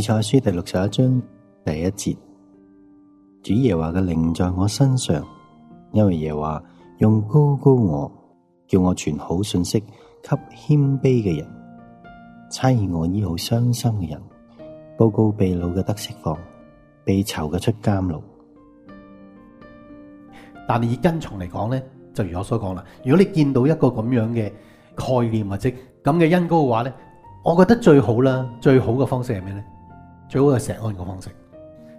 以賽亞書第六十一章第一節，主耶和華嘅靈在我身上，因為耶和華用膏膏我，叫我傳好信息給謙卑嘅人，差遣我醫好傷心嘅人，報告被擄嘅得釋放，被囚嘅出監牢。但係以恩從嚟講咧，就如我所講啦。如果你見到一個咁樣嘅概念或者咁嘅恩膏嘅話咧，我覺得最好啦，最好嘅方式係咩咧？最好係石安個方，方式，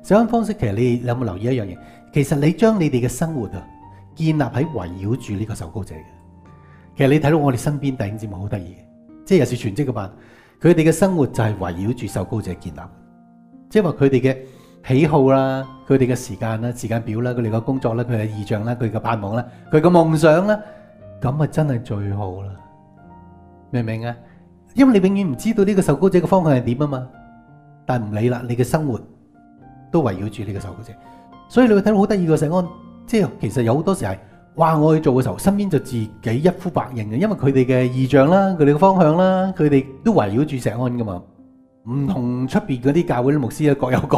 石安方式，其實你有冇留意一樣嘢？其實你將你哋嘅生活啊建立喺圍繞住呢個受高者嘅，其實你睇到我哋身邊的弟兄姊妹好得意嘅，即係又係有全職嘅辦，佢哋嘅生活就係圍繞住受高者建立，即係話佢哋嘅喜好啦、佢哋嘅時間啦、時間表啦、佢哋嘅工作啦、佢嘅意向啦、佢嘅盼望啦、佢嘅夢想啦，咁啊真係最好啦，明唔明啊？因為你永遠唔知道呢個受高者嘅方向係點啊嘛。但係唔理啦，你嘅生活都圍繞住你嘅受苦者。所以你會睇到好得意個石安，即係其實有好多時係，哇！我去做嘅時候，身邊就自己一呼百應嘅，因為佢哋嘅異象啦，佢哋嘅方向啦，佢哋都圍繞住石安噶嘛。唔同出邊嗰啲教會啲牧師啊，各有各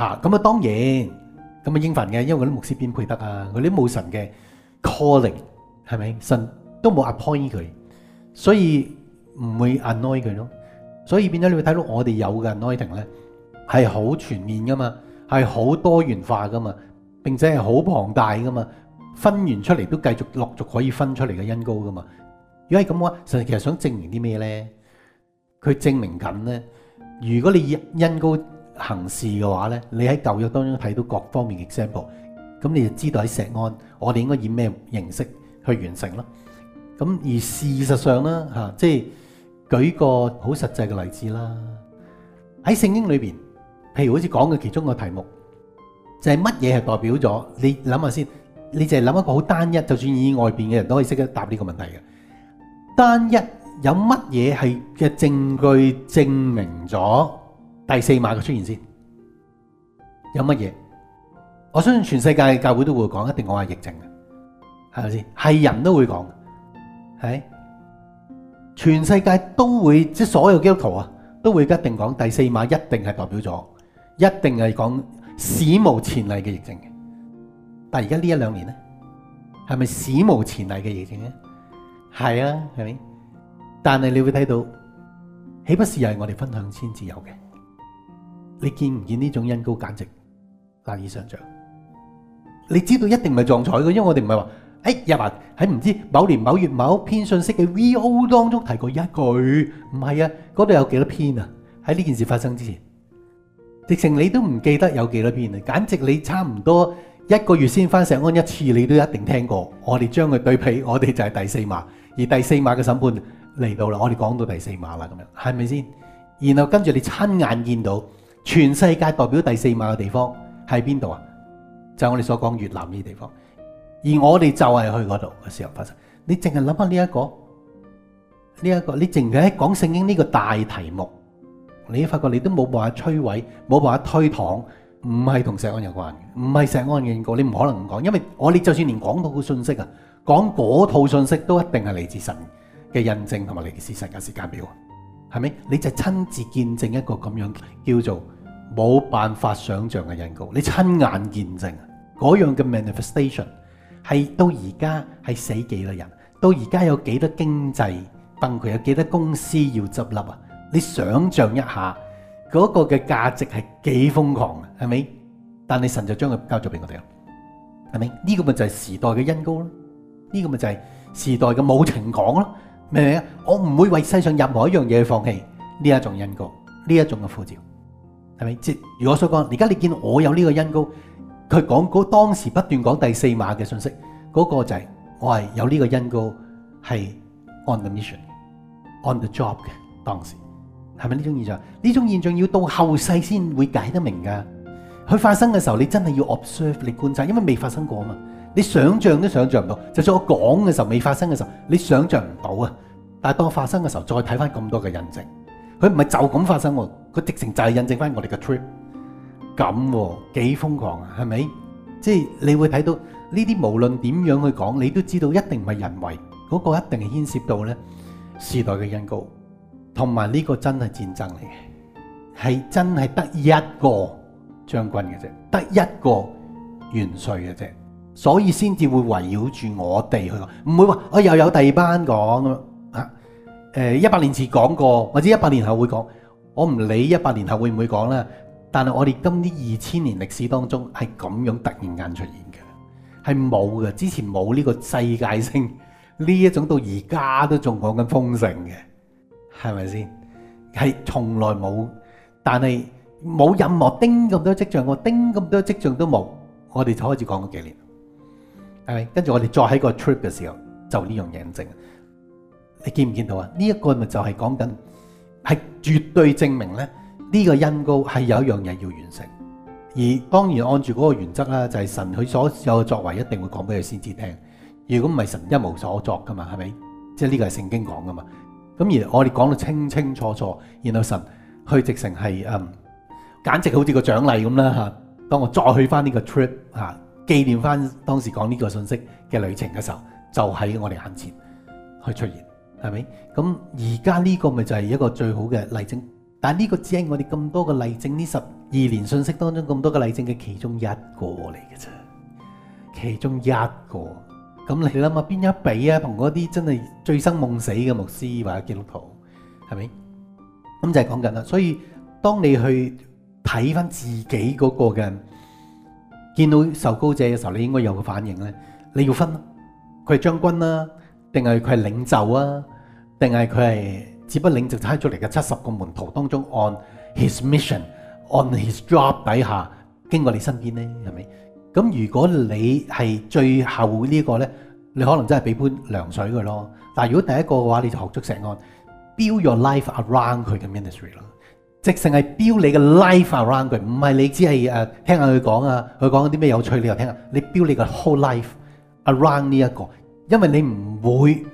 啊。咁啊，當然咁啊英凡嘅，因為嗰啲牧師邊配得啊，佢哋冇神嘅 calling，係咪？神都冇 appoint 佢，所以唔會 annoy 佢咯。所以變咗你會睇到我哋有嘅 anointing 咧係好全面噶嘛，係好多元化噶嘛，並且係好龐大噶嘛，分完出嚟都繼續陸續可以分出嚟嘅恩膏噶嘛。如果係咁嘅話，實在其實想證明啲咩咧？佢證明緊咧。如果你以恩膏行事嘅話咧，你喺舊約當中睇到各方面嘅 example，咁你就知道喺石安，我哋應該以咩形式去完成咯。咁而事實上咧嚇，即係。舉個好實際嘅例子啦，喺聖經裏邊，譬如好似講嘅其中個題目，就係乜嘢係代表咗？你諗下先，你就係諗一個好單一，就算以外邊嘅人都可以識得答呢個問題嘅。單一有乜嘢係嘅證據證明咗第四碼嘅出現先？有乜嘢？我相信全世界教會都會講，一定係疫情嘅，係咪先？係人都會講，係。全世界都會，即係所有基督徒啊都會一定講第四碼一定係代表咗，一定係講史無前例嘅疫情嘅。哎，日華喺唔知某年某月某篇信息嘅 V.O. 當中提過一句，唔係啊，嗰度有幾多篇啊？喺呢件事發生之前，直情你都唔記得有幾多篇啊？簡直你差唔多一個月先返錫安一次，你都一定聽過。我哋將佢對比，我哋就係第四馬，而第四馬嘅審判嚟到啦，我哋講到第四馬啦，咁樣係咪先？然後跟住你親眼見到，全世界代表第四馬嘅地方係邊度啊？就係我哋所講越南呢啲地方。而我哋就係去嗰度嘅時候發生。你淨係諗下呢一個，呢一個，你淨係喺講聖經呢個大題目，你發覺你都冇辦法摧毀，冇辦法推搪，唔係同石安有關嘅，唔係石安嘅認告，你唔可能咁講。因為我哋就算連講到個信息啊，講嗰套信息都一定係嚟自神嘅印證，同埋嚟自神嘅時間表，係咪？你就係親自見證一個咁樣叫做冇辦法想像嘅認告，你親眼見證嗰樣嘅 manifestation。係到而家係死幾多人？到而家有幾多經濟崩潰？有幾多公司要執笠啊？你想象一下嗰個嘅價值係幾瘋狂啊？係咪？但你神就將佢交咗俾我哋啦，係咪？呢個咪就係時代嘅恩膏咯？呢個咪就係時代嘅母情講咯？明唔明啊？我唔會為世上任何一樣嘢去放棄呢一種恩膏，呢一種嘅呼召，係咪？即如果所講，而家你見我有呢個恩膏。佢講嗰當時不斷講第四碼嘅信息，嗰個就係我係有呢個因故係 on the mission，on the job 嘅當時，係咪呢種現象？呢種現象要到後世先會解得明㗎。佢發生嘅時候，你真係要 observe 你觀察，因為未發生過啊嘛。你想像都想像唔到，就算我講嘅時候未發生嘅時候，你想像唔到啊。但係當發生嘅時候，再睇翻咁多嘅印證，佢唔係就咁發生喎，佢直情就係印證翻我哋嘅 trip。咁幾瘋狂啊？係咪？即係你會睇到呢啲無論點樣去講，你都知道一定唔係人為嗰個，一定係牽涉到呢時代嘅恩膏，同埋呢個真係戰爭嚟嘅，係真係得一個將軍嘅啫，得一個元帥嘅啫，所以先至會圍繞住我哋去講，唔會話我又有第二班講啊？誒，一百年前講過，或者一百年後會講，我唔理一百年後會唔會講呢。但係我哋今呢二千年歷史當中係咁樣突然間出現嘅，係冇嘅。之前冇呢個世界性呢一種到而家都仲講緊豐盛嘅，係咪先？係從來冇。但係冇任何丁咁多跡象，我丁咁多跡象都冇，我哋就開始講過幾年。係咪？跟住我哋再喺個 trip 嘅時候就呢樣驗證。你見唔見到啊？呢一個咪就係講緊，係絕對證明咧。呢、這個恩膏係有一樣嘢要完成，而當然按住嗰個原則啦，就係、是、神佢所有嘅作為一定會講俾佢先至聽。如果唔係神一無所作噶嘛，係咪？即係呢個係聖經講噶嘛。咁而我哋講到清清楚楚，然後神去直成係嗯，簡直好似個獎勵咁啦嚇。當我再去翻呢個 trip 嚇，紀念翻當時講呢個信息嘅旅程嘅時候，就喺我哋眼前去出現，係咪？咁而家呢個咪就係一個最好嘅例證。但呢個只係我哋咁多個例證，呢十二年信息當中咁多個例證嘅其中一個嚟嘅啫，其中一個。咁你諗下邊一比啊，同嗰啲真係醉生夢死嘅牧師或者基督徒，係咪？咁就係講緊啦。所以當你去睇翻自己嗰個嘅見到受膏者嘅時候，你應該有個反應咧。你要分，佢係將軍啊，定係佢係領袖啊，定係佢係。只不領直差出嚟嘅七十個門徒當中，on his mission，on his job 底下經過你身邊呢？係咪？咁如果你係最後呢、呢個呢，你可能真係俾杯涼水佢咯。但如果第一個嘅話，你就學足成案 build your life around 佢嘅 ministry 咯。即成淨係 build 你嘅 life around 佢，唔係你只係誒聽下佢講啊，佢講啲咩有趣你又聽下。你 build 你嘅 whole life around 呢一個，因為你唔會。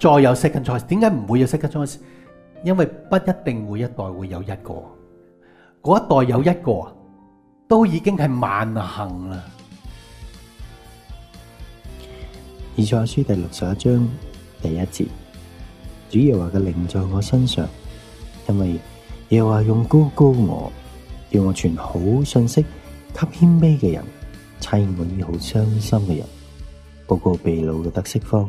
再有 second choice，點解唔會有 second choice？因為不一定每一代會有一個，嗰一代有一個都已經係萬幸啦。以賽亞書第六十一章第一節，主耶和華嘅靈在我身上，因為耶和華用膏膏我，叫我傳好信息，給謙卑嘅人，差遣我醫好傷心嘅人，報告被擄嘅得釋放。